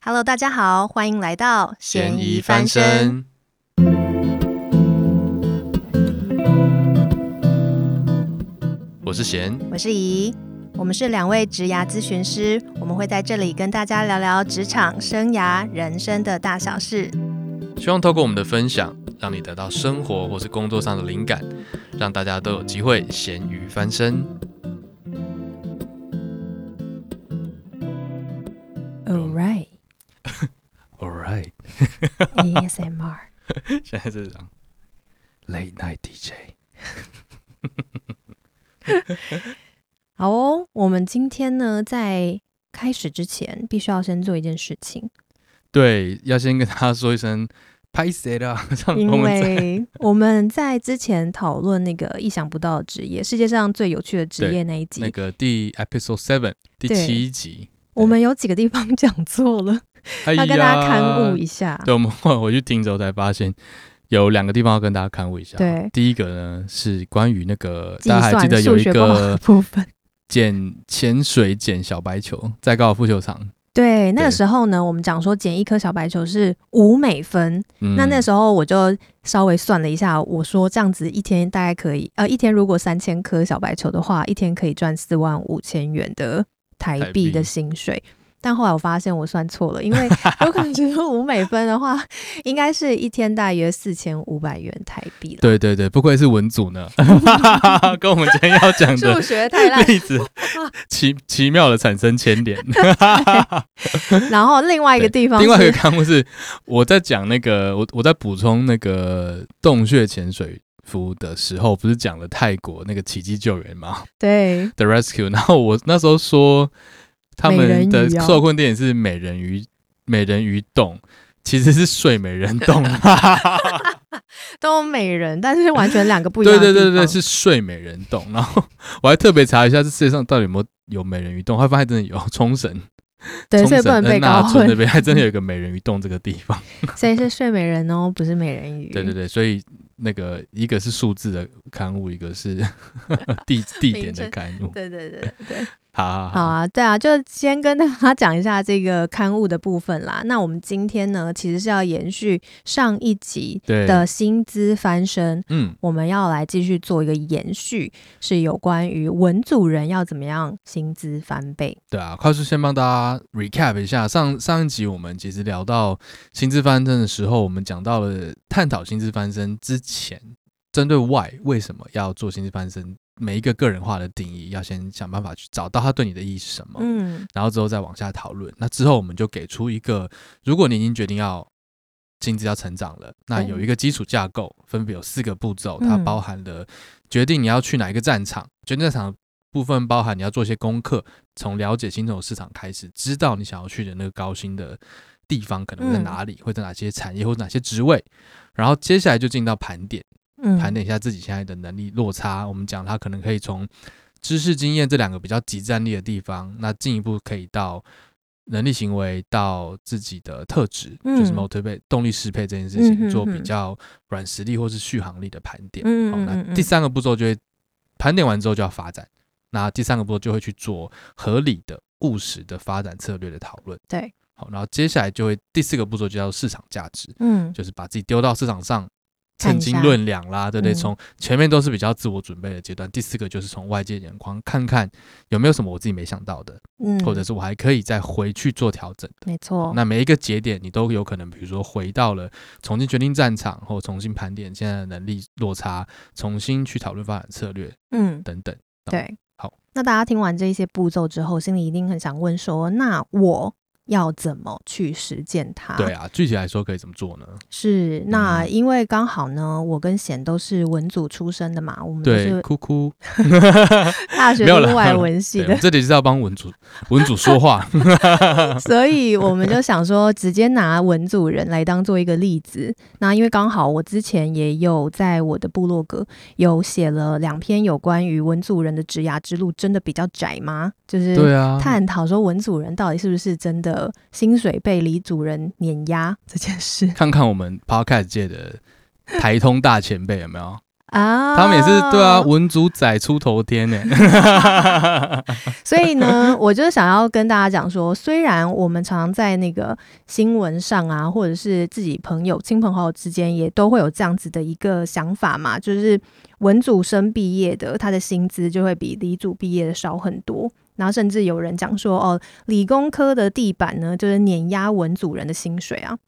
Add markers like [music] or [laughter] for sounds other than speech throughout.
Hello，大家好，歡迎來到賢魚翻身。我是賢，我是宜，我們是兩位職涯諮詢師，我們會在這裡跟大家聊聊職場、生涯、人生的大小事。希望透過我們的分享，讓你得到生活或是工作上的靈感，讓大家都有機會賢魚翻身。a s, [laughs] m r ASMR 現在這種 Late Night DJ， [laughs] [laughs] 好哦。我們今天呢，在開始之前，必須要先做一件事情。對，要先跟他說一聲，拍謝了？因為我們在之前討論那個意想不到的職業， [laughs] 世界上最有趣的職業那一集，那個第 Episode Seven 第對七集，我們有幾個地方講錯了。要跟大家勘誤一下、哎。對，我們我我去聽着後才發現有兩個地方要跟大家勘誤一下。對，第一個呢是關於那個計算數學的部分，撿潛水撿小白球在高爾夫球場。對，那個時候呢，對我們講說撿一顆小白球是五美分。嗯、那那時候我就稍微算了一下，我說這樣子一天大概可以，呃，一天如果三千顆小白球的話，一天可以賺四萬五千元的台幣的薪水。但後來我發現我算錯了，因為我感覺五美分的話， [laughs] 應該是一天大約四千五百元台幣了。對對對，不愧是文組呢， [laughs] 跟我們今天要講的數 [laughs] 學太爛，例子，奇奇妙的產生牽連 [laughs] [laughs] 然後另外一個地方，另外一個科目是 [laughs] 我在講那個我我在補充那個洞穴潛水服的時候，不是講了泰國那個奇蹟救援嗎？對，The Rescue。然後我那時候說。他們的受困電影是《美人魚》，美人魚洞其實是睡美人洞 [laughs] [laughs] 都美人，但是完全兩個不一樣。 [laughs] 對，對對對對，是睡美人洞。然後我還特別查一下這世界上到底有沒有有美人魚洞，他發現真的有，沖繩，對沖繩恩、呃、納村那邊還真的有一個美人魚洞這個地方。 [laughs] 所以是睡美人哦，不是美人魚。對對對，所以那個一個是數字的勘誤，一個是地地點的勘誤。 [laughs] 對，對對對對。好啊，好，啊，好啊，對啊，就先跟大家講一下這個勘誤的部分啦。那我們今天呢，其實是要延續上一集的薪資翻身，嗯，我們要來繼續做一個延續，是有關於文組人要怎麼樣薪資翻倍。對啊，快速先幫大家 recap 一下，上上一集我們其實聊到薪資翻身的時候，我們講到了探討薪資翻身之前，針對 why 為什麼要做薪資翻身。每一個個人化的定義，要先想辦法去找到他對你的意義是什麼，嗯，然後之後再往下討論。那之後我們就給出一個，如果你已經決定要薪資要成長了，那有一個基礎架構，分別有四個步驟，嗯、它包含了決定你要去哪一個戰場，嗯、決定戰場的部分包含你要做一些功課，從了解薪資市場開始，知道你想要去的那個高薪的地方可能會在哪裡，或者、嗯、哪些產業或者哪些職位，然後接下來就進到盤點。盤點一下自己現在的能力落差。我們講他可能可以從知識經驗這兩個比較即戰力的地方，那進一步可以到能力行為，到自己的特質，嗯、就是 motive 動力適配這件事情、嗯、哼哼做比較軟實力或是續航力的盤點嗯嗯嗯嗯。那第三個步驟就會盤點完之後就要發展。那第三個步驟就會去做合理的務實的發展策略的討論。對，好，然後接下來就會第四個步驟就叫市場價值。嗯，就是把自己丟到市場上。稱斤論兩啦，對不對？從前面都是比較自我準備的階段。嗯、第四個就是從外界眼光看看有沒有什麼我自己沒想到的，嗯，或者是我還可以再回去做調整的。沒錯，那每一個節點你都有可能，比如說回到了重新決定戰場，或重新盤點現在的能力落差，重新去討論發展策略，嗯，等等。對，好。那大家聽完這些步驟之後，心裡一定很想問說：那我？要怎麼去實踐它？對啊，具體來說可以怎麼做呢？是那因為剛好呢，我跟賢都是文組出身的嘛，我們就是對，哭哭， [laughs] 大學對外文系的，我這裡就是要幫文組文組說話， [laughs] [laughs] 所以我們就想說，直接拿文組人來當做一個例子。那因為剛好我之前也有在我的部落格有寫了兩篇有關於文組人的職涯之路，真的比較窄嗎？就是探討說文組人到底是不是真的，薪水被理組人碾壓這件事，看看我們 Podcast 界的台通大前輩有沒有啊？ [laughs] 他們也是對啊，文組仔出頭天呢。所以呢，我就想要跟大家講說，雖然我們常常在那個新聞上啊，或者是自己朋友、親朋好友之間，也都會有這樣子的一個想法嘛，就是文組生畢業的，他的薪資就會比理組畢業的少很多。然後甚至有人講說，哦，理工科的地板呢，就是碾壓文組人的薪水啊。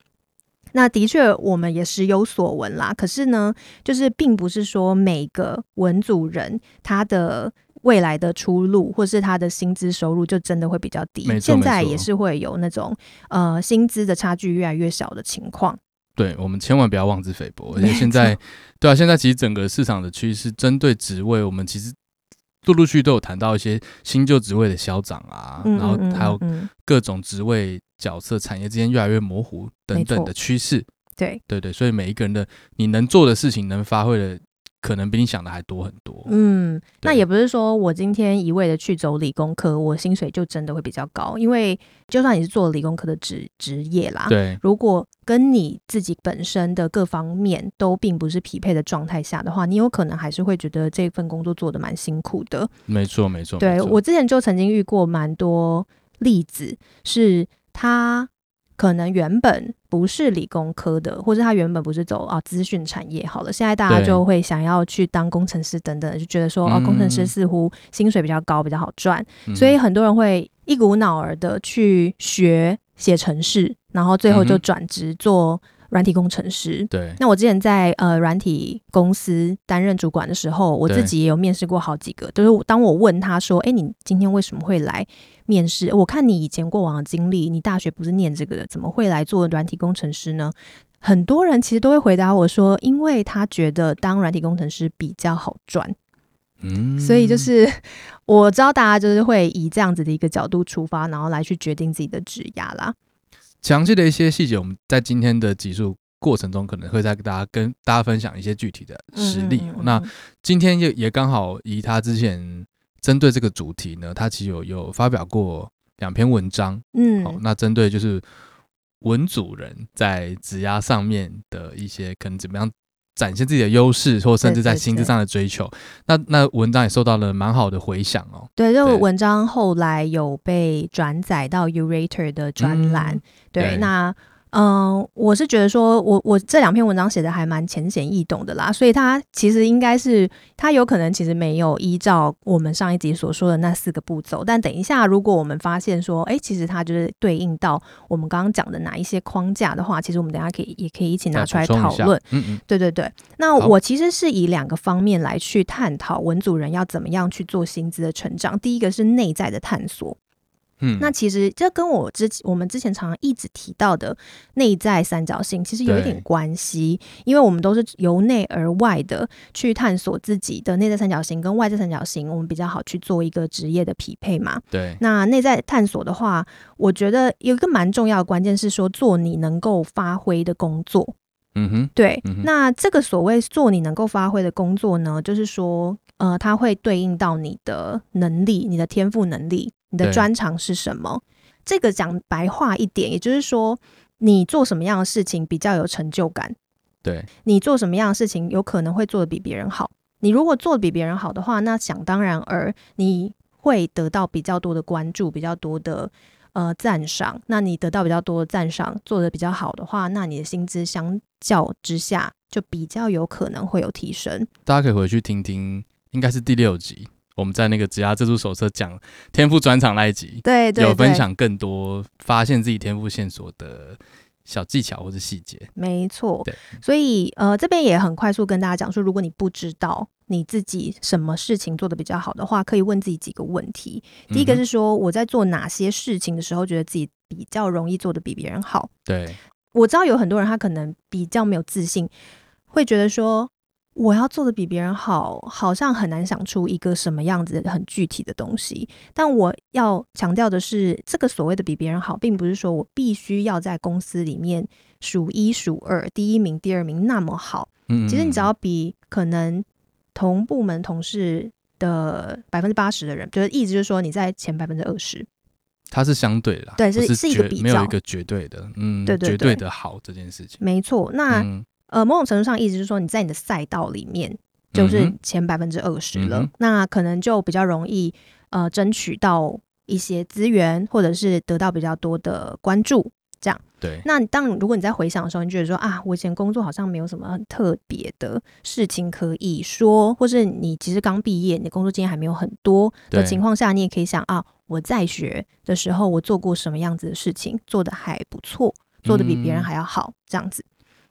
那的確我們也時有所聞啦。可是呢，就是並不是說每個文組人他的未來的出路，或是他的薪資收入就真的會比較低。沒錯，現在也是會有那種呃薪資的差距越來越小的情況。對，我們千萬不要妄自菲薄。因為現在，沒錯。對啊，現在其實整個市場的趨勢，針對職位，我們其實。陸陸續續都有談到一些新舊職位的消長啊，嗯嗯嗯，然後還有各種職位角色、產業之間越來越模糊等等的趨勢。對，對對對，所以每一個人的你能做的事情，能發揮的。可能比你想的還多很多。嗯，對那也不是說我今天一味的去走理工科，我薪水就真的會比較高。因為就算你是做理工科的職職業啦，對，如果跟你自己本身的各方面都並不是匹配的狀態下的話，你有可能還是會覺得這份工作做的蠻辛苦的。沒錯，沒錯。對，我之前就曾經遇過蠻多例子，是他。可能原本不是理工科的，或是他原本不是走啊資訊產業好了，現在大家就會想要去當工程師等等，對就覺得說、嗯、啊工程師似乎薪水比較高，比較好賺，嗯、所以很多人會一股腦兒的去學寫程式，然後最後就轉職做、嗯。軟體工程師，對。那我之前在呃軟體公司擔任主管的時候，我自己也有面試過好幾個。對就是當我問他說：“哎、欸，你今天為什麼會來面試？我看你以前過往的經歷，你大學不是念這個的，怎麼會來做軟體工程師呢？”很多人其實都會回答我說：“因為他覺得當軟體工程師比較好賺。”嗯，所以就是我知道大家就是會以這樣子的一個角度出發，然後來去決定自己的職涯啦。詳細的一些細節，我們在今天的集數過程中可能會再跟大家跟大家分享一些具體的實例。嗯嗯、那今天也也剛好以他之前針對這個主題呢，他其實有有發表過兩篇文章。嗯，好、哦，那針對就是文組人，在指壓上面的一些可能怎麼樣？展現自己的優勢，或甚至在心智上的追求，對對對，那那文章也受到了蠻好的回響哦。對，就對文章後來有被轉載到《Yourator》的專欄。嗯、對，對那。嗯、呃，我是覺得說我，我我這兩篇文章寫的還蠻淺顯易懂的啦，所以他其實應該是，他有可能其實沒有依照我們上一集所說的那四個步驟，但等一下如果我們發現說，哎、欸，其實他就是對應到我們剛剛講的哪一些框架的話，其實我們等一下可以也可以一起拿出來討論，啊。嗯嗯，對對對。那我其實是以兩個方面來去探討文組人要怎麼樣去做薪資的成長，第一個是內在的探索。嗯，那其實這跟我之，我們之前常常一直提到的內在三角形其實有一點關係，對因為我們都是由內而外的去探索自己的內在三角形跟外在三角形，我們比較好去做一個職業的匹配嘛。對，那內在探索的話，我覺得有一個蠻重要的關鍵是說，做你能夠發揮的工作。嗯哼，對，嗯、哼那這個所謂做你能夠發揮的工作呢，就是說呃，它會對應到你的能力、你的天賦能力。你的專長是什麼？對這個講白話一點，也就是說，你做什麼樣的事情比較有成就感？對。你做什麼樣的事情有可能會做的比別人好？你如果做的比別人好的話，那想當然而你會得到比較多的關注，比較多的呃讚賞。那你得到比較多的讚賞，做的比較好的話，那你的薪資相較之下就比較有可能會有提升。大家可以回去聽聽，應該是第六集。我們在那個《職涯自助手冊》講天賦專場那一集，對、對、對，有分享更多發現自己天賦線索的小技巧或是細節。沒錯，對，所以呃，這邊也很快速跟大家講說，如果你不知道你自己什麼事情做得比較好的話，可以問自己幾個問題。第一個是說，我在做哪些事情的時候，覺得自己比較容易做得比別人好？對，我知道有很多人他可能比較沒有自信，會覺得說。我要做的比別人好，好像很難想出一個什麼樣子很具體的東西。但我要強調的是，這個所謂的比別人好，並不是說我必須要在公司裡面數一數二、第一名、第二名那麼好。嗯，其實你只要比可能同部門同事的百分之八十的人，就是意思就是說你在前百分之二十。它是相對的，對，是是一個比較，沒有一個絕對的，嗯，對，對對對，絕對的好這件事情，沒錯。那。嗯呃，某種程度上，意思是說，你在你的賽道裡面就是前百分之二十了，嗯嗯、那可能就比較容易呃爭取到一些資源，或者是得到比較多的關注。這樣，對。那當如果你在回想的時候，你覺得說啊，我以前工作好像沒有什麼特別的事情可以說，或是你其實剛畢業，你的工作經驗還沒有很多對的情況下，你也可以想啊，我在學的時候，我做過什麼樣子的事情，做得還不錯，做得比別人還要好，嗯、這樣子。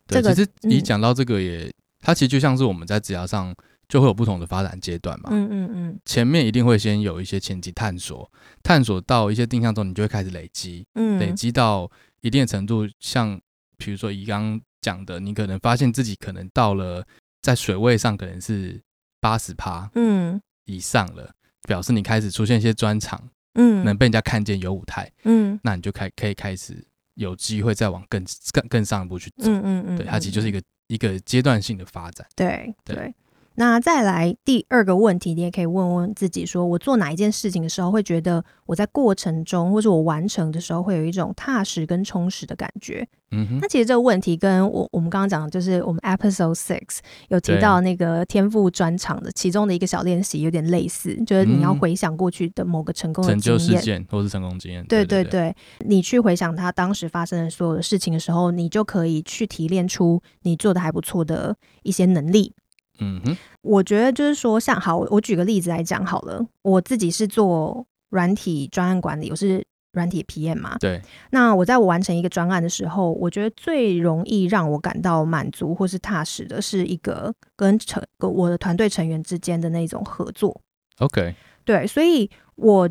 對，其實你講到這個也，這個嗯、它其實就像是我們在職涯上就會有不同的發展階段嘛。嗯嗯嗯，嗯嗯前面一定會先有一些前期探索，探索到一些定向中，你就會開始累積。嗯，累積到一定的程度，像比如說宜剛、剛講的，你可能發現自己可能到了在水位上可能是八十趴，嗯，以上了，嗯、表示你開始出現一些專長，嗯，能被人家看見有舞台，嗯，那你就開可、可以開始。有機會再往更更更上一步去走，嗯嗯，嗯，嗯對，它其實就是一個一個階段性的發展，對對。對對那再來第二個問題，你也可以問問自己：說我做哪一件事情的時候，會覺得我在過程中或者我完成的時候，會有一種踏實跟充實的感覺？嗯哼。那其實這個問題跟我我們剛剛講的，就是我們 Episode Six 有提到那個天賦專長的其中的一個小練習，有點類似。對就是你要回想過去的某個成功的經成就事件，或是成功經驗。對對對，對對對，你去回想他當時發生的所有事情的時候，你就可以去提煉出你做的還不錯的一些能力。嗯哼，我覺得就是說像，像好，我舉個例子來講好了。我自己是做軟體專案管理，我是軟體 PM 嘛。對，那我在我完成一個專案的時候，我覺得最容易讓我感到滿足或是踏實的是一個跟成跟我的團隊成員之間的那種合作。OK，對，所以我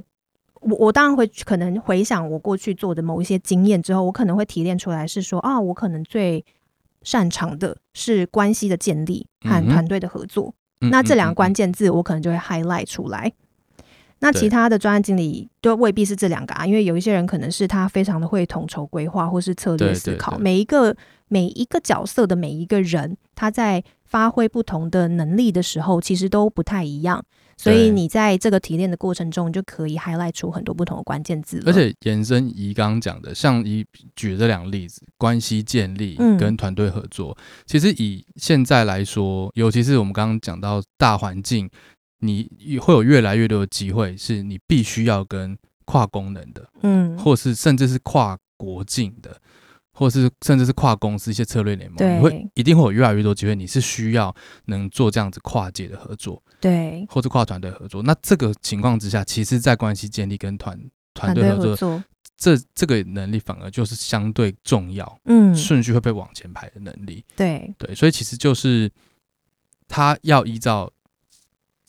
我我當然會可能回想我過去做的某一些經驗之後，我可能會提煉出來是說啊，我可能最。擅長的是關係的建立和團隊的合作，嗯、哼那這兩個關鍵字我可能就會 highlight 出來。嗯嗯嗯嗯，那其他的專案經理都未必是這兩個啊，對因為有一些人可能是他非常的會統籌規劃或是策略思考。對對對，每一個每一個角色的每一個人，他在發揮不同的能力的時候，其實都不太一樣。所以你在這個提煉的過程中，就可以 highlight 出很多不同的關鍵字了。而且，延伸宜剛剛講的，像宜舉這兩個例子，關係建立跟團隊合作，嗯、其實以現在來說，尤其是我們剛剛講到大環境，你會有越來越多的機會，是你必須要跟跨功能的，嗯，或是甚至是跨國境的。或是甚至是跨公司一些策略聯盟，對你會一定會有越來越多機會。你是需要能做這樣子跨界的合作，對，或是跨團隊合作。那這個情況之下，其實，在關係建立跟團團隊合作，合作這這個能力反而就是相對重要，嗯，順序會被往前排的能力，對對。所以其實就是他要依照。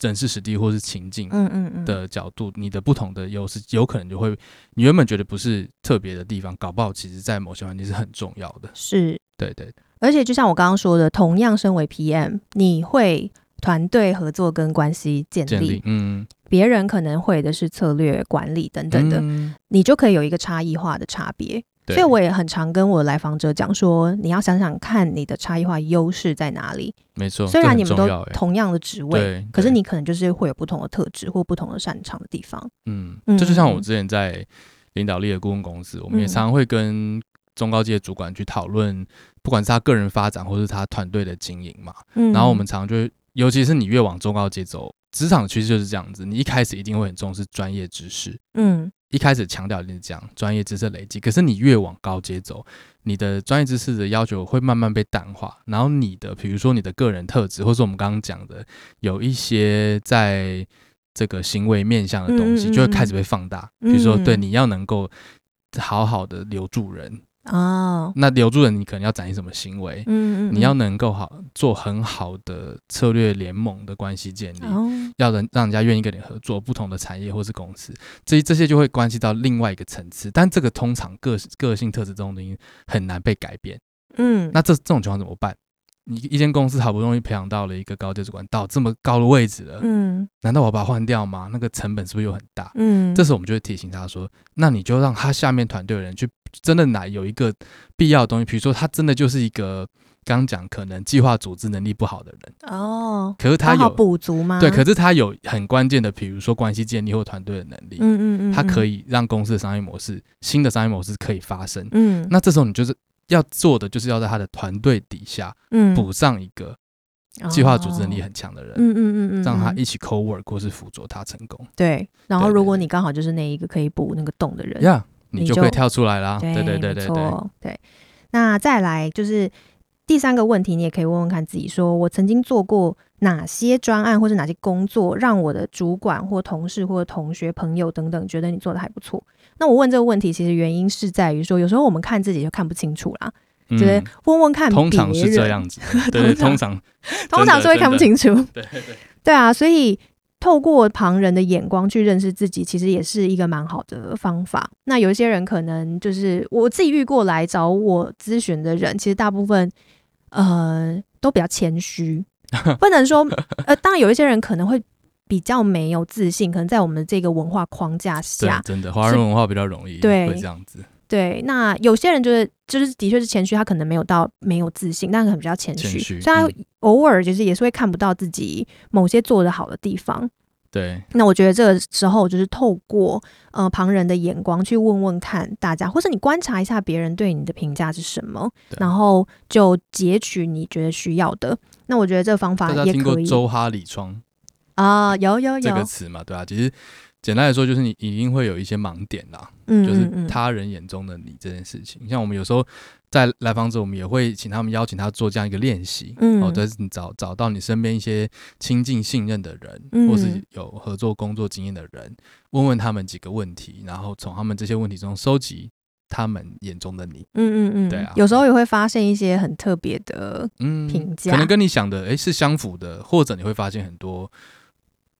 人事實地或是情境，嗯嗯嗯，的角度，嗯嗯嗯，你的不同的優勢有可能就會，你原本覺得不是特別的地方，搞不好其實在某些環境是很重要的。是，對，對對。而且就像我剛剛說的，同樣身為 PM，你會團隊合作跟關係建、建立，嗯、嗯，別人可能會的是策略、管理等等的，嗯嗯，你就可以有一個差異化的差別。所以我也很常跟我來訪者講說，你要想想看你的差異化優勢在哪裡。沒錯，雖然你們都同樣的職位，欸、可是你可能就是會有不同的特質或不同的擅長的地方。嗯，這就像我之前在領導力的顧問公司，嗯、我們也常常會跟中高階主管去討論，不管是他個人發展或是他團隊的經營嘛。嗯，然後我們常、常就會，尤其是你越往中高階走，職場其實就是這樣子，你一開始一定會很重視專業知識。嗯。一開始強調跟你講專業知識累積，可是你越往高階走，你的專業知識的要求會慢慢被淡化，然後你的比如說你的個人特質，或是我們剛剛講的有一些在這個行為面向的東西，就會開始被放大。嗯嗯，比如說，對你要能夠好好的留住人哦，那留住人你可能要展現什麼行為？嗯，嗯，嗯，你要能夠好做很好的策略聯盟的關係建立。哦。要人讓人家願意跟你合作，不同的產業或是公司，這這些就會關係到另外一個層次。但這個通常個個性特質這種東西很難被改變。嗯，那這這種情況怎麼辦？你一間公司好不容易培養到了一個高階主管到這麼高的位置了，嗯，難道我把他換掉嗎？那個成本是不是又很大？嗯，這時候我們就會提醒他說，那你就讓他下面團隊的人去，真的來有一個必要的東西，比如說他真的就是一個。剛講可能計劃組織能力不好的人哦，可是他有補足嗎？對，可是他有很關鍵的，比如說關係建立或團隊的能力，嗯嗯嗯，他可以讓公司的商業模式、新的商業模式可以發生。嗯，那這時候你就是要做的，就是要在他的團隊底下，嗯，補上一個計劃組織能力很強的人，嗯嗯嗯，讓他一起 co work 或是輔助他成功。對，然後如果你剛好就是那一個可以補那個洞的人呀，你就可以跳出來啦。對對對對對，對。那再來就是。第三個問題，你也可以問問看自己說，說我曾經做過哪些專案，或是哪些工作，讓我的主管或同事或同學朋友等等覺得你做得還不錯。那我問這個問題，其實原因是在於說，有時候我們看自己就看不清楚啦，覺得、嗯、問問看別人，通常是這樣子，對， [laughs] 通常通常，通常是會看不清楚，對對對，對啊，所以透過旁人的眼光去認識自己，其實也是一個蠻好的方法。那有一些人可能就是我自己遇過來找我諮詢的人，其實大部分。呃，都比較謙虛，不能說呃，當然有一些人可能會比較沒有自信，可能在我們的這個文化框架下，真的華人文化比較容易對會這樣子。對，那有些人就是就是的確是謙虛，他可能沒有到沒有自信，但是很比較謙虛，雖然虛偶爾就是也是會看不到自己某些做得好的地方。對，那我覺得這個時候就是透過呃旁人的眼光去問問看大家，或者你觀察一下別人對你的評價是什麼，對然後就截取你覺得需要的。那我覺得這個方法也可以。大家聽過周哈里窗啊，有有有這個詞嘛？對啊？其實簡單來說，就是你一定會有一些盲點啦。嗯，就是他人眼中的你這件事情。像我們有時候在來訪者，我們也會請他們邀請他做這樣一個練習，嗯，哦，就是你找找到你身邊一些親近信任的人，嗯、或是有合作工作經驗的人，問問他們幾個問題，然後從他們這些問題中收集他們眼中的你，嗯嗯嗯，對啊，有時候也會發現一些很特別的嗯評價，可能跟你想的哎、欸、是相符的，或者你會發現很多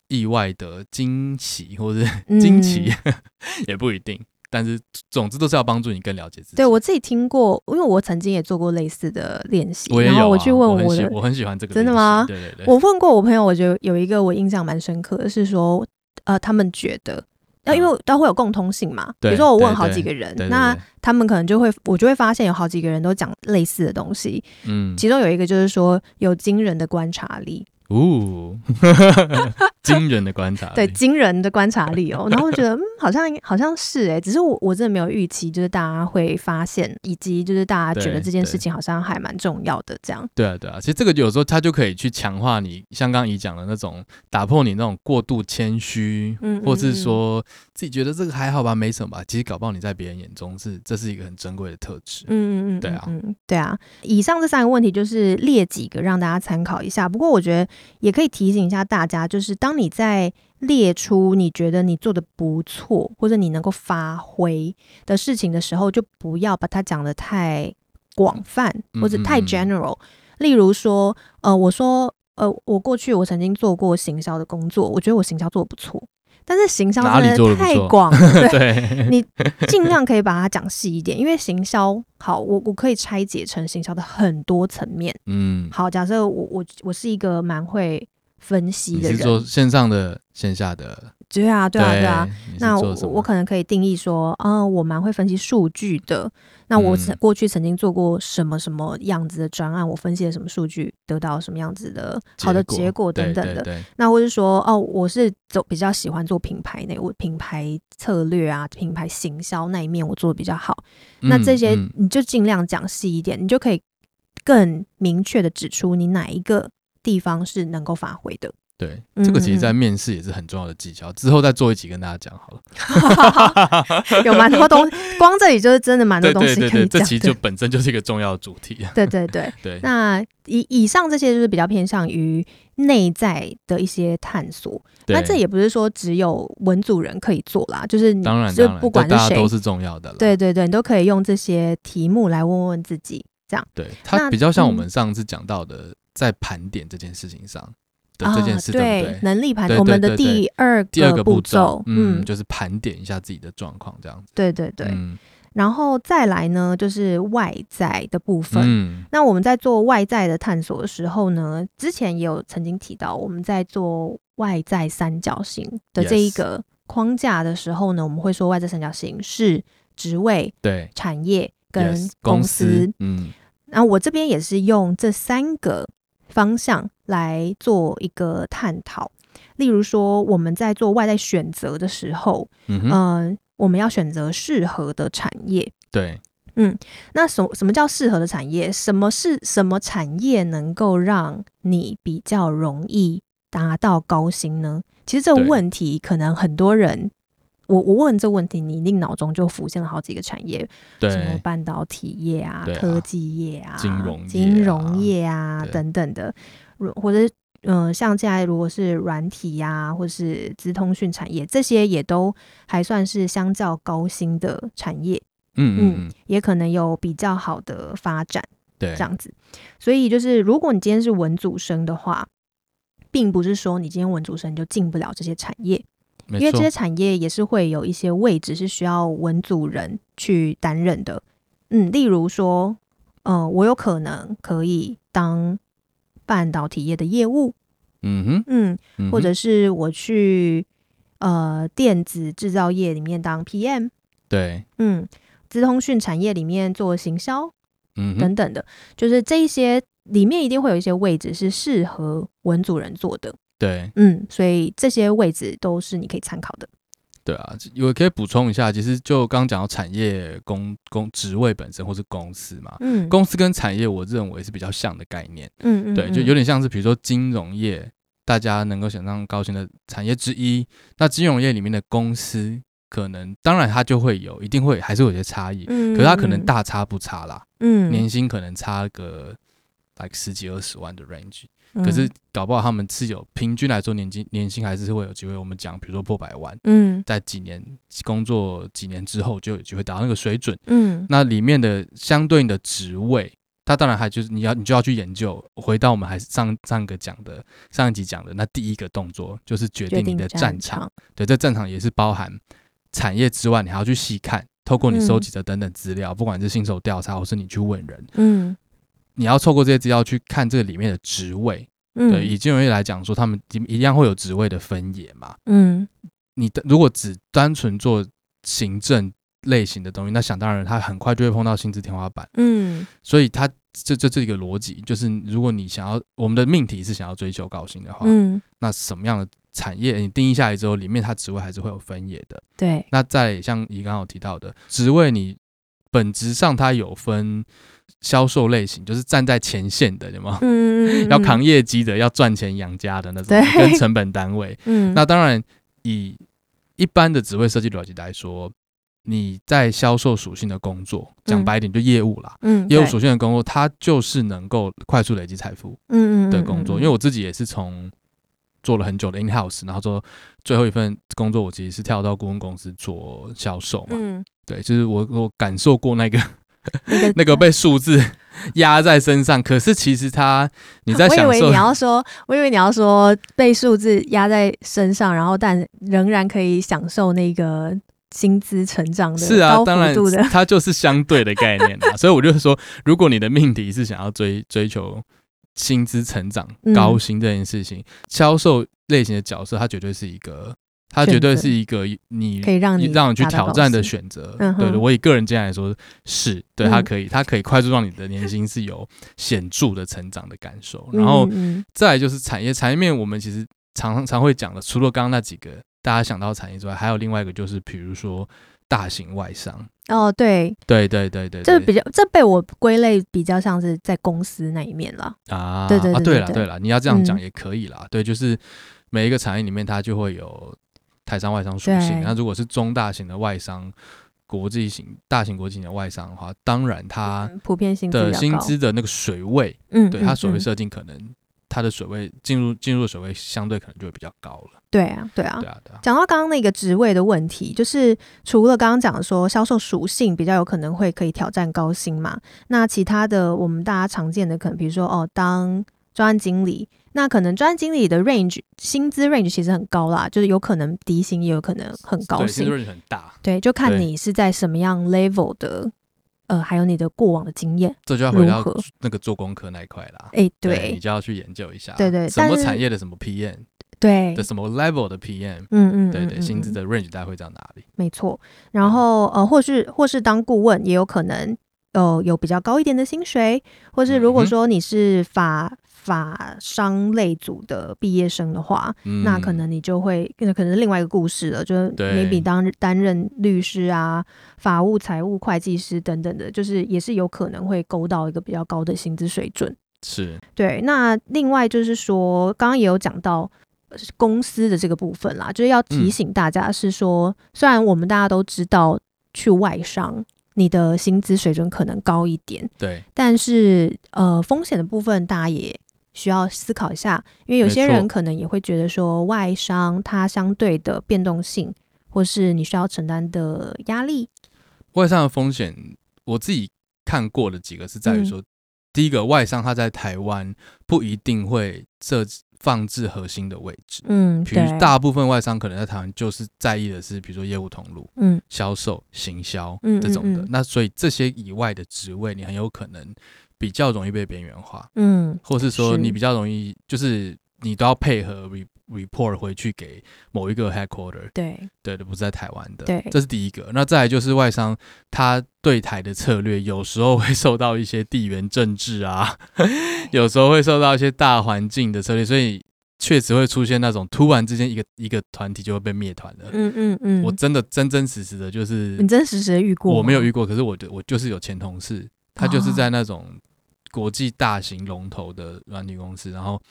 意外的驚喜，或者是、嗯、驚奇呵呵也不一定。但是，總之都是要幫助你更了解自己。對，我自己聽過，因為我曾經也做過類似的練習，也啊、然後我去問我我很，我很喜歡這個，真的嗎？對對對，我問過我朋友，我覺得有一個我印象蠻深刻的是說，呃，他們覺得，嗯、因為都會有共通性嘛。對。比如說我問好幾個人，對對對，那他們可能就會，我就會發現有好幾個人都講類似的東西。嗯。其中有一個就是說有驚人的觀察力。哦，驚 [laughs] 人的觀察力， [laughs] 對，驚人的觀察力哦，然後我覺得嗯，好像好像是哎、欸，只是我我真的沒有預期，就是大家會發現，以及就是大家覺得這件事情好像還蠻重要的這樣。對啊，對啊，其實這個有時候他就可以去強化你，像剛剛你講的那種打破你那種過度謙虛，或是說自己覺得這個還好吧，沒什麼吧，其實搞不好你在別人眼中是這是一個很珍貴的特質。嗯嗯嗯，對啊，嗯對啊，以上這三個問題就是列幾個讓大家參考一下，不過我覺得。也可以提醒一下大家，就是當你在列出你覺得你做得不錯或者你能夠發揮的事情的時候，就不要把它講得太廣泛或者太 general。嗯嗯嗯。例如說，呃，我說，呃，我過去我曾經做過行銷的工作，我覺得我行銷做得不錯。但是行銷真的太廣了， [laughs] 對，你儘量可以把它講細一點，因為行銷好，我我可以拆解成行銷的很多層面。嗯，好，假設我我我是一個蠻會分析的人，就是說，線上的、線下的？對啊，對啊，對，對啊。那我我可能可以定義說，啊、呃，我蠻會分析數據的。那我曾、嗯、過去曾經做過什麼什麼樣子的專案，我分析了什麼數據，得到什麼樣子的好的結果等等的。那或者說，哦、呃，我是走比較喜歡做品牌內，我品牌策略啊，品牌行銷那一面我做的比較好。嗯、那這些你就儘量講細一點，嗯、你就可以更明確的指出你哪一個地方是能夠發揮的。對，這個其實在面試也是很重要的技巧，嗯嗯嗯，之後再做一集跟大家講好了。 [laughs] [laughs] 有蠻多東西，光這裡就是真的蠻多東西可以講。這其實就本身就是一個重要主題。 [laughs] 對對對，對，對，那以以上這些就是比較偏向於內在的一些探索。對那這也不是說只有文組人可以做啦，就是你當然，就不管是誰大家都是重要的了。對對對，你都可以用這些題目來問問自己，這樣。對，它比較像我們上次講到的，那在盤點這件事情上。對對啊，對，能力盤，對對對對對，我們的第二個步驟，嗯，嗯就是盤點一下自己的狀況，這樣子。對對對，嗯，然後再來呢，就是外在的部分。嗯，那我們在做外在的探索的時候呢，之前也有曾經提到，我們在做外在三角形的這一個框架的時候呢，我們會說外在三角形是職位、對，產業跟公司，公司。嗯，那我這邊也是用這三個。方向來做一個探討，例如說我們在做外在選擇的時候，嗯哼，呃，我們要選擇適合的產業。對，嗯，那什什麼叫適合的產業？什麼是什麼產業能夠讓你比較容易達到高薪呢？其實這個問題可能很多人。我我問這問題，你一定腦中就浮現了好幾個產業，對，什麼半導體業啊，啊科技業啊，金融金融業啊等等的，或者嗯、呃，像現在如果是軟體呀、啊，或是資通訊產業，這些也都還算是相較高薪的產業，嗯嗯，嗯，嗯，也可能有比較好的發展，對，這樣子。所以就是如果你今天是文組生的話，並不是說你今天文組生就進不了這些產業。因為這些產業也是會有一些位置是需要文組人去擔任的。嗯，例如說，呃，我有可能可以當半導體業的業務，嗯哼，嗯，或者是我去，嗯哼，呃電子製造業裡面當 PM，對，嗯，資通訊產業裡面做行銷，嗯哼，等等的，就是這一些裡面一定會有一些位置是適合文組人做的。對，嗯，所以這些位置都是你可以參考的。對啊，我可以補充一下，其實就剛剛講到產業工、工工職位本身，或是公司嘛，嗯，公司跟產業，我認為是比較像的概念，嗯嗯，嗯嗯，對，就有點像是比如說金融業，大家能夠想象高薪的產業之一，那金融業裡面的公司，可能，當然它就會有，一定會，還是有些差異，嗯，可是它可能大差不差啦，嗯，嗯，嗯，年薪可能差個 l、like, 十幾二十萬的 range。可是搞不好他們是有平均來說年，年紀年薪還是會有機會。我們講，比如說破百萬，嗯，在幾年工作幾年之後，就有機會達到那個水準，嗯。那裡面的相對應的職位，它當然還就是你要你就要去研究。回到我們還是上上個講的上一集講的，那第一個動作就是決定你的戰場。對，這戰場也是包含產業之外，你還要去細看，透過你收集的等等資料，嗯、不管是薪資調查，或是你去問人，嗯。你要透過這些資料去看這個裡面的職位，對，嗯、以金融業來講，說他們一一樣會有職位的分野嘛。嗯，你的如果只單純做行政類型的東西，那想當然他很快就會碰到薪資天花板。嗯，所以他這這這一個邏輯就是，如果你想要我們的命題是想要追求高薪的話，嗯，那什麼樣的產業你定義下來之後，裡面它職位還是會有分野的。對，那在像宜剛剛有提到的職位，你，本質上，它有分銷售類型，就是站在前線的，有沒有？嗯、 [laughs] 要扛業績的，嗯、要賺錢養家的那種，對跟成本單位。嗯，那當然，以一般的職位設計邏輯來說，你在銷售屬性的工作，講白一點就業務啦。嗯、業務屬性的工作，它就是能夠快速累積財富。嗯的工作，嗯嗯嗯，因為我自己也是從做了很久的 in house，然後做最後一份工作，我其實是跳到顧問公司做銷售嘛。嗯對，就是我我感受過那個，那個、 [laughs] 那個被數字壓在身上，可是其實他你在享受。我以為你要說，我以為你要說被數字壓在身上，然後但仍然可以享受那個薪資成長的，是啊，高幅度的。當然，它就是相對的概念啊， [laughs] 所以我就說，如果你的命題是想要追追求薪資成長、高薪這件事情，嗯、銷售類型的角色，它絕對是一個。它絕對是一個你可以讓你讓你去挑戰的選擇，選嗯、對,對,對我以個人經驗來說是，嗯、對它可以，它可以快速讓你的年薪是有顯著的成長的感受。嗯嗯嗯然後再來就是產業產業面，我們其實常常會講的，除了剛剛那幾個大家想到產業之外，還有另外一個就是，比如說大型外商哦，對，對,對對對對，這比較這被我歸類比較像是在公司那一面啦,啊，對對啊，對啦對啦，你要這樣講也可以啦，嗯、對，就是每一個產業裡面它就會有。台商、外商屬性，那對如果是中大型的外商、國際型、大型國際型的外商的話，當然它普遍薪資的薪資的那個水位，嗯，對它水位設定可能它、嗯嗯、的水位進入進入水位相對可能就會比較高了。對啊，對啊，對啊。對啊講到剛剛那個職位的問題，就是除了剛剛講的說銷售屬性比較有可能會可以挑戰高薪嘛，那其他的我們大家常見的可能，比如說哦當。專案經理，那可能專案經理的 range，薪資 range 其實很高啦，就是有可能低薪，也有可能很高薪，薪資 range 很大。對，就看你是在什麼樣 level 的，對呃，還有你的過往的經驗。這就要回到那個做功課那塊啦。哎、欸，對，對，你就要去研究一下，對，對對，什麼產業的什麼 PM，對的什麼 level 的 PM，嗯嗯，嗯嗯，對，對對，薪資的 range 大概會在哪裡？沒錯。然後呃，或是或是當顧問，也有可能呃有比較高一點的薪水，或是如果說你是法。法商類組的畢業生的話，嗯、那可能你就會那可能是另外一個故事了，就是你比當擔任律師啊、對法務、財務、會計師等等的，就是也是有可能會勾到一個比較高的薪資水準。是，對。那另外就是說，剛剛也有講到公司的這個部分啦，就是要提醒大家是說，嗯、雖然我們大家都知道去外商，你的薪資水準可能高一點，對，但是呃，風險的部分，大家也。需要思考一下，因為有些人可能也會覺得說，外商它相對的變動性，沒錯，或是你需要承擔的壓力。外商的風險，我自己看過的幾個是在於說，嗯、第一個，外商它在台灣不一定會設放置核心的位置。嗯，比如大部分外商可能在台灣就是在意的是，比如說業務同路、嗯，銷售、行銷，這種的。嗯嗯嗯，那所以這些以外的職位，你很有可能。比較容易被邊緣化，嗯，或是說你比較容易，是，就是你都要配合 re, report 回去給某一個 headquarter，對，對，不是在台灣的，對，這是第一個。那再來就是外商他對台的策略，有時候會受到一些地緣政治啊， [laughs] 有時候會受到一些大環境的策略，所以確實會出現那種突然之間一個一個團體就會被滅團的。嗯嗯嗯，我真的真真實實的就是很真實實的遇過，我沒有遇過，可是我我就是有前同事，他就是在那種。哦國際大型龍頭的軟體公司，然後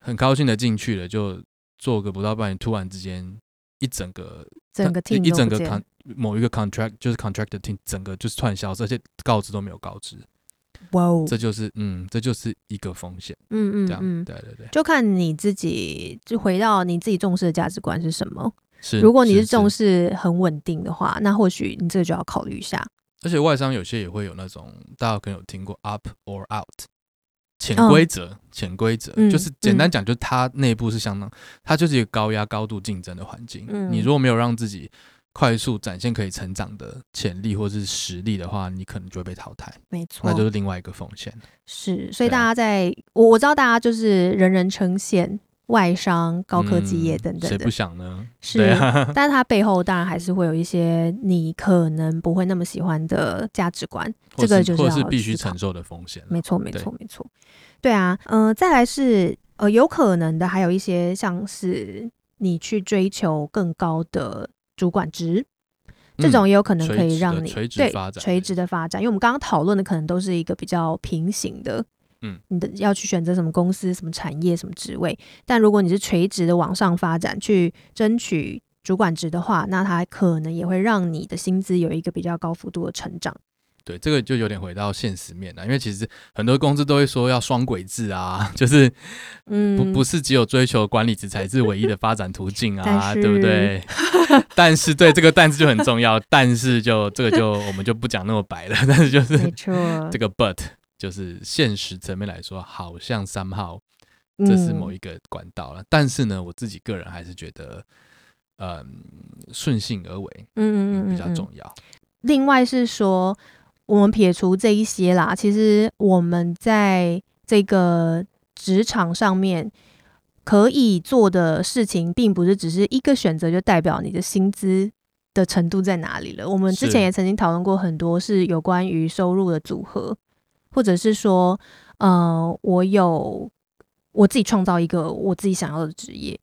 很高興的進去了，就做個不到半年，突然之間一整個整個一整個 con, 某一個 contract 就是 contract 的 team 整個就是串銷，這些告知都沒有告知，哇哦 Wow，這就是嗯，這就是一個風險，嗯嗯，嗯這樣對對對，就看你自己，就回到你自己重視的價值觀是什麼。是，如果你是重視很穩定的話，是是那或許你這個就要考慮一下。而且外商有些也會有那種，大家可能有聽過 up or out，潛規則。潛規則就是簡單講，嗯、就它內部是相當，它就是一個高壓、高度競爭的環境。嗯、你如果沒有讓自己快速展現可以成長的潛力或是實力的話，你可能就會被淘汰。沒錯錯，那就是另外一個風險。是，所以大家在，我對我知道大家就是人人稱羨。外商、高科技業等等，誰、嗯、不想呢？是，啊、但是它背後當然還是會有一些你可能不會那麼喜歡的價值觀，是這個就是，要是必須承受的風險、啊。沒錯，對沒錯，沒錯。對啊，嗯、呃，再來是呃，有可能的，還有一些像是你去追求更高的主管職，嗯、這種也有可能可以讓你垂直的發展。因為我們剛剛討論的可能都是一個比較平行的。嗯，你的要去選擇什麼公司、什麼產業、什麼職位，但如果你是垂直的往上發展，去爭取主管職的話，那它可能也會讓你的薪資有一個比較高幅度的成長。對，這個就有點回到現實面了，因為其實很多公司都會說要雙軌制啊，就是嗯，不不是只有追求管理職才是唯一的發展途徑啊，是對不對？ [laughs] [laughs] 但是對，這個但是就很重要， [laughs] 但是就這個就我們就不講那麼白了，但是就是這個 but。就是現實層面來說，好像三號這是某一個管道了。嗯、但是呢，我自己個人還是覺得，嗯，順性而為，嗯嗯，嗯，嗯，嗯，比較重要。另外是說，我們撇除這一些啦，其實我們在這個職場上面可以做的事情，並不是只是一個選擇就代表你的薪資的程度在哪裡了。我們之前也曾經討論過很多是有關於收入的組合。或者是說，呃，我有我自己創造一個我自己想要的職業，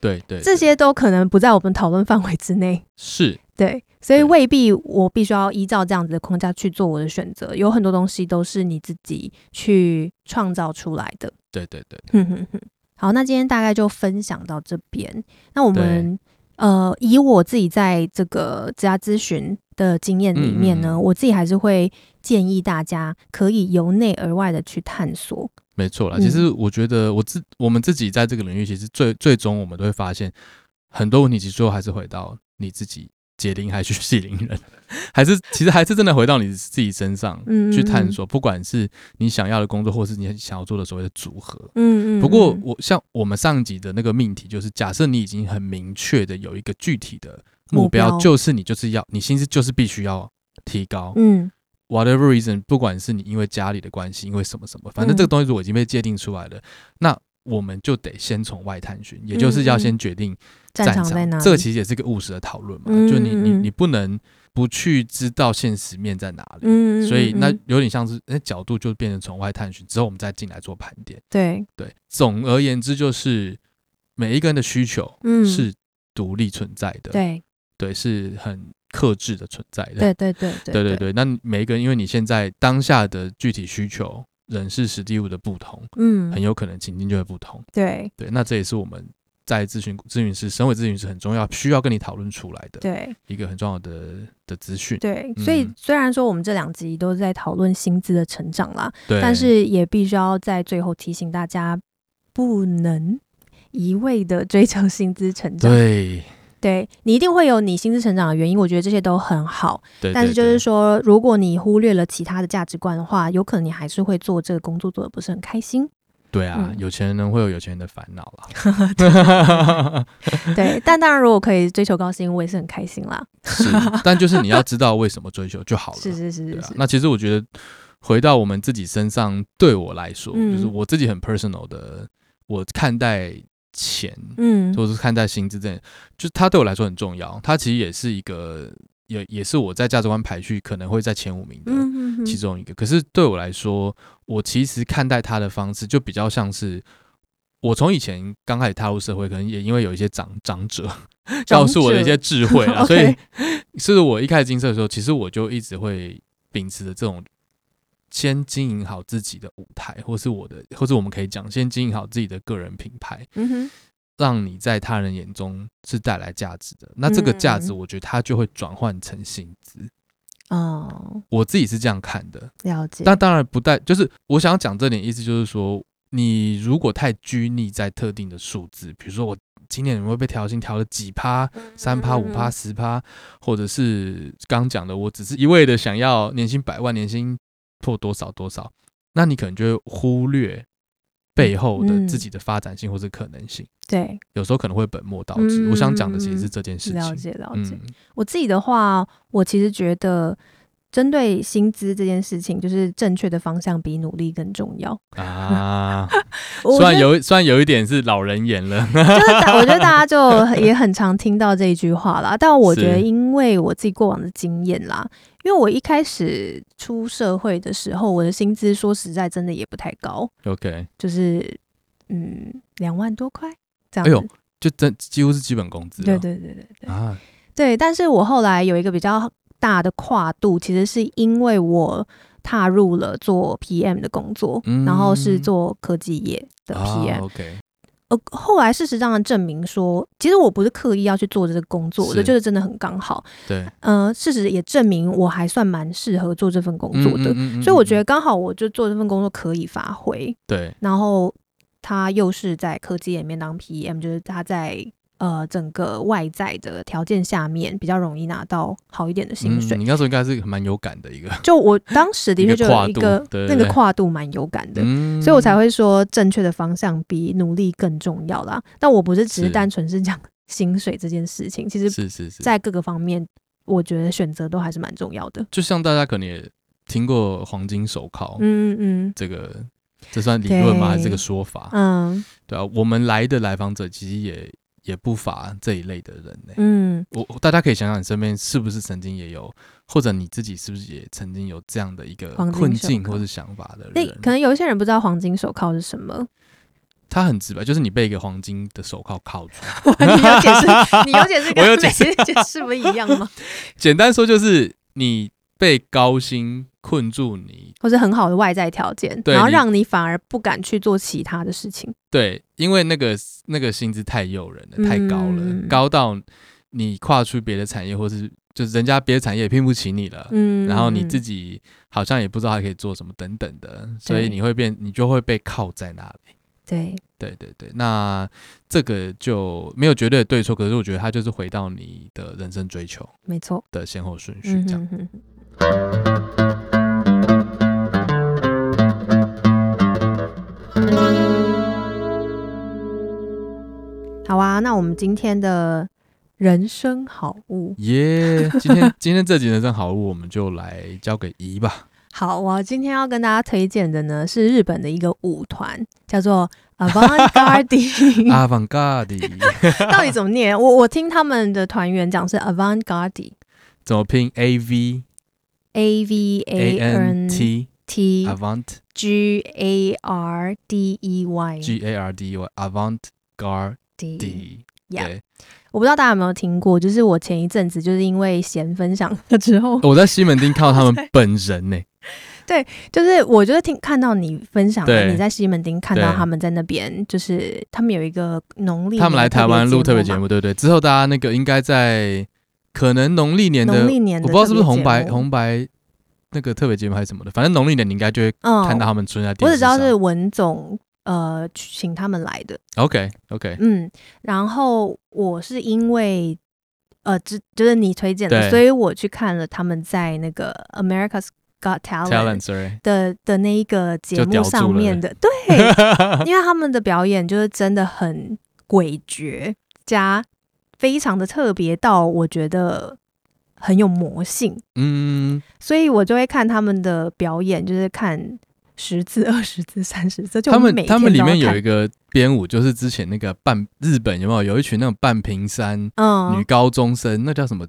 對，對對，這些都可能不在我們討論範圍之內，是對，所以未必我必須要依照這樣子的框架去做我的選擇，對有很多東西都是你自己去創造出來的，對對對， [laughs] 好，那今天大概就分享到這邊，那我們。呃，以我自己在這個職涯諮詢的經驗裡面呢，嗯嗯嗯，我自己還是會建議大家可以由內而外的去探索。沒錯啦，嗯、其實我覺得我自我們自己在這個領域，其實最最終我們都會發現很多問題，其實最後還是回到你自己。解鈴還須繫鈴人，還是其實還是真的回到你自己身上去探索，不管是你想要的工作，或是你想要做的所謂的組合。嗯嗯。不過我像我們上集的那個命題，就是假設你已經很明確的有一個具體的目標，就是你就是要你薪資就是必須要提高。嗯，whatever reason，不管是你因為家裡的關係，因為什麼什麼，反正這個東西如果已經被界定出來了，那。我們就得先從外探尋，也就是要先決定、嗯嗯、場戰場在哪，這其實也是個務實的討論嘛，嗯、就你你你不能不去知道現實面在哪裡。嗯、所以那有點像是那角度就變成從外探尋之後，我們再進來做盤點。對對，總而言之就是每一個人的需求是獨立存在的，嗯、對對，是很克制的存在的，對對對對對對。對對對，那每一個人，因為你現在當下的具體需求。人事時地物的不同，嗯，很有可能情境就會不同，對對。那這也是我們在諮詢諮詢師、生活諮詢師很重要，需要跟你討論出來的，對一個很重要的的資訊。對，嗯、所以雖然說我們這兩集都在討論薪資的成長啦，對但是也必須要在最後提醒大家，不能一味的追求薪資成長，對。對你一定會有你心智成長的原因，我覺得這些都很好。對對對，但是就是說，如果你忽略了其他的價值觀的話，有可能你還是會做這個工作，做的不是很開心。對啊，嗯、有錢人會有有錢人的煩惱了。對，但當然，如果可以追求高薪，我也是很開心啦。 [laughs] 是，但就是你要知道為什麼追求就好了。 [laughs] 是是是是，是、啊。那其實我覺得，回到我們自己身上，對我來說，嗯、就是我自己很 personal 的，我看待。錢，嗯，或、就、者是看待薪資這樣，嗯、就他對我來說很重要。他其實也是一個，也也是我在價值觀排序可能會在前五名的其中一個。嗯、哼哼可是對我來說，我其實看待他的方式就比較像是，我從以前剛開始踏入社會，可能也因為有一些長長者，長者 [laughs] 告訴我的一些智慧啊， [laughs] Okay 所以是我一開始金色的時候，其實我就一直會秉持著這種。先經營好自己的舞台，或是我的，或是我們可以講，先經營好自己的個人品牌，嗯哼，讓你在他人眼中是帶來價值的。那這個價值，我覺得它就會轉換成薪資，嗯。哦，我自己是這樣看的，了解。那當然不帶，就是我想講這點意思，就是說，你如果太拘泥在特定的數字，比如說我今年會被調薪調了幾趴，三趴、五趴、十趴，嗯哼，或者是剛講的，我只是一味的想要年薪百萬，年薪。錯多少多少，那你可能就會忽略背後的自己的發展性或是可能性。嗯嗯、對，有時候可能會本末倒置。嗯、我想講的其實是這件事情。了解了解。了解，嗯、我自己的話，我其實覺得針對薪資這件事情，就是正確的方向比努力更重要啊。雖然 [laughs] 有雖然有一點是老人言了，就是我覺得大家就也很常聽到這句話啦。 [laughs] 但我覺得，因為我自己過往的經驗啦。因為我一開始出社會的時候，我的薪資說實在真的也不太高。OK，就是嗯，兩萬多塊這樣。哎呦，就真幾乎是基本工資。對對對對對、啊、對，但是我後來有一個比較大的跨度，其實是因為我踏入了做 PM 的工作，嗯、然後是做科技業的 PM。啊 okay 後來事實上證明說，其實我不是刻意要去做這個工作，這是就是真的很剛好。對，呃，事實也證明，我還算蠻適合做這份工作的，所以我覺得剛好我就做這份工作可以發揮。對，然後他又是在科技裡面當 PM，就是他在。呃，整個外在的條件下面，比較容易拿到好一點的薪水。嗯、你剛說應該是蠻有感的一個，就我當時的確就有一個，一個跨度，那個跨度蠻有感的，對對對，所以我才會說正確的方向比努力更重要啦。嗯、但我不是只是單純是講薪水這件事情，是其實是是是在各個方面，我覺得選擇都還是蠻重要的。是是是。就像大家可能也聽過“黃金手銬”，嗯嗯嗯，這個這算理論嗎？Okay, 還是這個說法，嗯，對啊，我們來的來訪者其實也。也不乏這一類的人呢、欸。嗯，我大家可以想想，你身邊是不是曾經也有，或者你自己是不是也曾經有這樣的一個困境或是想法的人？啊、那可能有一些人不知道黃金手銬是什麼。他很直白，就是你被一個黃金的手銬銬住。你有解釋，你有解釋，跟那些是解釋不一樣嗎？簡單說就是你被高薪困住你，你或是很好的外在條件，對然後讓你反而不敢去做其他的事情。對。因為那個那個薪資太誘人了，太高了，嗯、高到你跨出別的產業，或者是就是人家別的產業也聘不起你了，嗯，然後你自己好像也不知道還可以做什麼等等的，嗯、所以你會變，對你就會被銬在那裡。對，對對對，那這個就沒有絕對的對錯，可是我覺得他就是回到你的人生追求，沒錯的先後順序這樣。好啊，那我們今天的人生好物耶！今天今天這集人生好物，我們就來交給宜吧。好，我今天要跟大家推薦的呢，是日本的一個舞團，叫做 Avantgardey。Avantgardey，到底怎麼念？我我聽他們的團員講是 Avantgardey，怎麼拼？A V A V A N T T Avant G A R D E Y G A R D E Y Avantgardey D, Yeah. 對，我不知道大家有沒有聽過，就是我前一陣子就是因為賢分享了之後，我在西門町看到他們本人呢、欸。 [laughs] 對，就是我覺得聽看到你分享的，對你在西門町看到他們在那邊，對就是他們有一個農曆，他們來台灣錄特別節目，對不對，對？之後大家那個應該在可能農曆年的，年的我不知道是不是紅白紅白那個特別節目還是什麼的，反正農曆年你應該就會看到他們出現在電、嗯。我只知道是文總。呃，請他們來的。OK，OK，okay, okay. 嗯，然後我是因為呃，只就，就是你推薦的，對所以我去看了他們在那個 America's Got Talent, Talent 對的的那一個節目上面的，對， [laughs] 因為他們的表演就是真的很詭譎加非常的特別，到我覺得很有魔性，嗯，所以我就會看他們的表演，就是看。十字、二十字、三十字，就們他們他們裡面有一個編舞，就是之前那個半日本，有沒有有一群那種半平山，女高中生，嗯、那叫什麼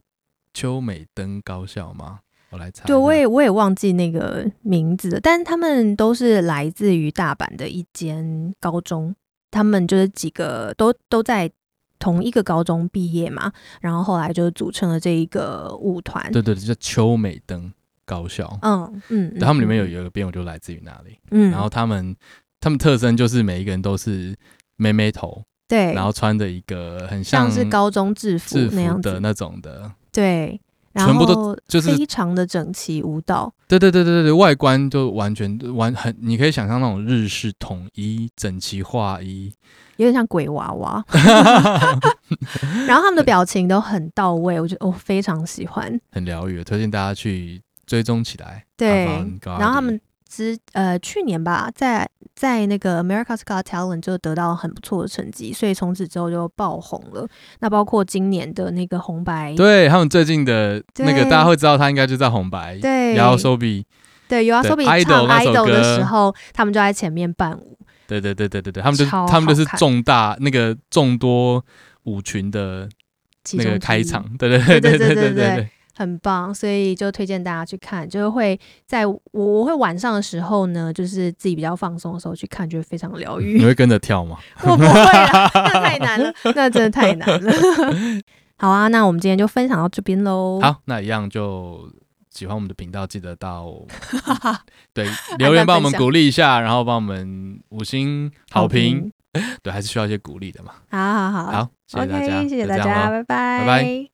秋美登高校嗎？我來猜，對，我也我也忘記那個名字了，但是他們都是來自於大阪的一間高中，他們就是幾個都都在同一個高中畢業嘛，然後後來就組成了這一個舞團，對，對對，就叫秋美登。高校，嗯嗯，嗯嗯，他們裡面有有一個編舞，我就來自於那裡，嗯，然後他們他們特徵就是每一個人都是妹妹頭，對，然後穿着一個很像，像是高中制服那樣的那種的，對，然後全部都就是非常的整齊舞蹈，對對對對對對，外觀就完全完很，你可以想象那種日式統一整齊劃一，有點像鬼娃娃，然後他們的表情都很到位，我覺得我非常喜歡，很療癒，推薦大家去。追蹤起來，對。然後他們之呃去年吧，在在那個 America's Got Talent 就得到很不錯的成績，所以從此之後就爆紅了。那包括今年的那個紅白，對，他們最近的那個大家會知道，他應該就在紅白，對，YOASOBI，對，YOASOBI 唱那首歌的時候，他們就在前面伴舞。對對對對對對，他們就他們就是重大那個眾多舞群的那個開場，對對對對對對對。對對對對對很棒，所以就推薦大家去看。就是會在我我會晚上的時候呢，就是自己比較放鬆的時候去看，覺得非常療癒。你會跟着跳嗎？我不會啊，那太難了，那真的太難了。好啊，那我們今天就分享到這邊嘍。好，那一樣就喜歡我們的頻道，記得到對留言幫我們鼓勵一下，然後幫我們五星好評。對，還是需要一些鼓勵的嘛。好好好，好，謝謝大家，謝謝大家，拜拜，拜拜。